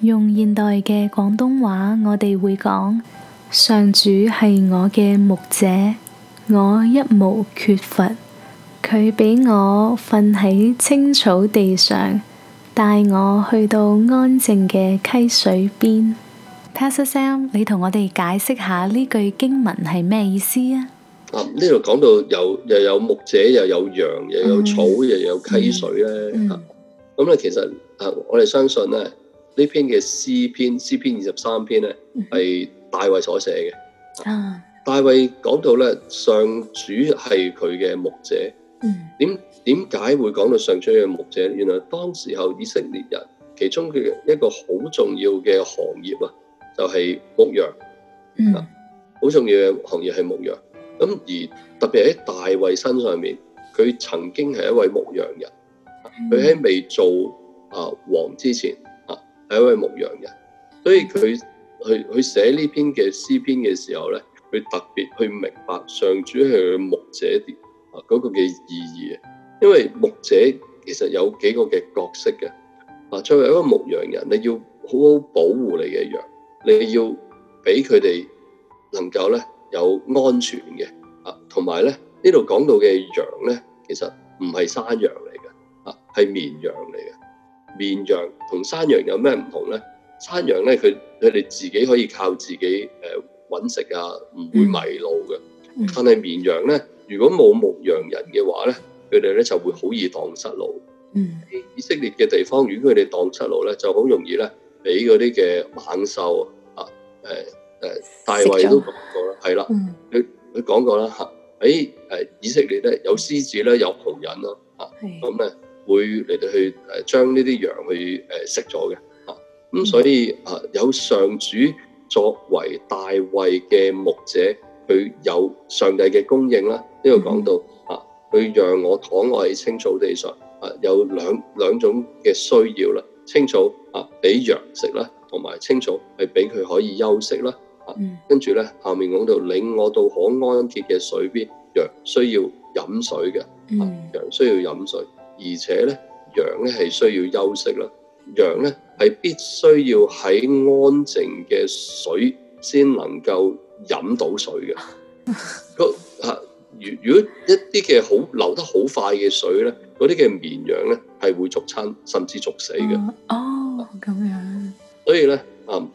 用現代嘅廣東話，我哋會講：上主係我嘅牧者，我一無缺乏。佢俾我瞓喺青草地上，帶我去到安靜嘅溪水邊。Pastor Sam，你同我哋解釋下呢句經文係咩意思啊？呢度講到有又有牧者，又有羊，又有草，嗯、又有溪水咧。咁咧、嗯啊、其實、啊、我哋相信呢。呢篇嘅詩篇，詩篇二十三篇咧，係大衛所寫嘅。啊、大衛講到咧，上主係佢嘅牧者。點點解會講到上主係牧者？原來當時候以色列人其中嘅一個好重要嘅行業啊，就係牧羊。好、嗯啊、重要嘅行業係牧羊。咁而特別喺大衛身上面，佢曾經係一位牧羊人。佢喺、嗯、未做啊王之前係一位牧羊人，所以佢去去寫呢篇嘅詩篇嘅時候咧，佢特別去明白上主係佢牧者啊嗰個嘅意義啊。因為牧者其實有幾個嘅角色嘅啊，作為一個牧羊人，你要好好保護你嘅羊，你要俾佢哋能夠咧有安全嘅啊，同埋咧呢度講到嘅羊咧，其實唔係山羊嚟嘅啊，係綿羊嚟嘅。綿羊同山羊有咩唔同咧？山羊咧，佢佢哋自己可以靠自己誒搵、呃、食啊，唔會迷路嘅。嗯、但係綿羊咧，如果冇牧羊人嘅話咧，佢哋咧就會好易蕩失路。嗯，以色列嘅地方，如果佢哋蕩失路咧，就好容易咧俾嗰啲嘅猛獸啊，誒誒大衛都講過啦，係啦了，佢佢講過啦吓，誒誒以色列咧有獅子咧有窮人啦啊，咁、呃、咧。嗯是會嚟到去誒，將呢啲羊去誒食咗嘅，啊、mm，咁所以啊，有上主作為大衛嘅牧者，佢有上帝嘅供應啦。呢、這、度、個、講到、mm hmm. 啊，佢讓我躺臥喺青草地上，啊，有兩兩種嘅需要啦，青草啊俾羊食啦，同埋青草係俾佢可以休息啦。嗯、啊，mm hmm. 跟住咧，下面講到領我到可安歇嘅水邊，羊需要飲水嘅、啊，羊需要飲水。Mm hmm. 而且咧，羊咧係需要休息啦。羊咧係必須要喺安靜嘅水先能夠飲到水嘅。佢如 如果一啲嘅好流得好快嘅水咧，嗰啲嘅綿羊咧係會逐親甚至逐死嘅、嗯。哦，咁樣。所以咧，啊，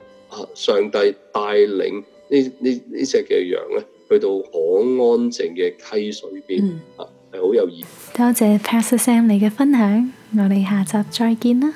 上帝帶領呢呢呢隻嘅羊咧，去到可安靜嘅溪水邊啊。嗯。好有意思，多謝 Pastor Sam 你嘅分享，我哋下集再見啦。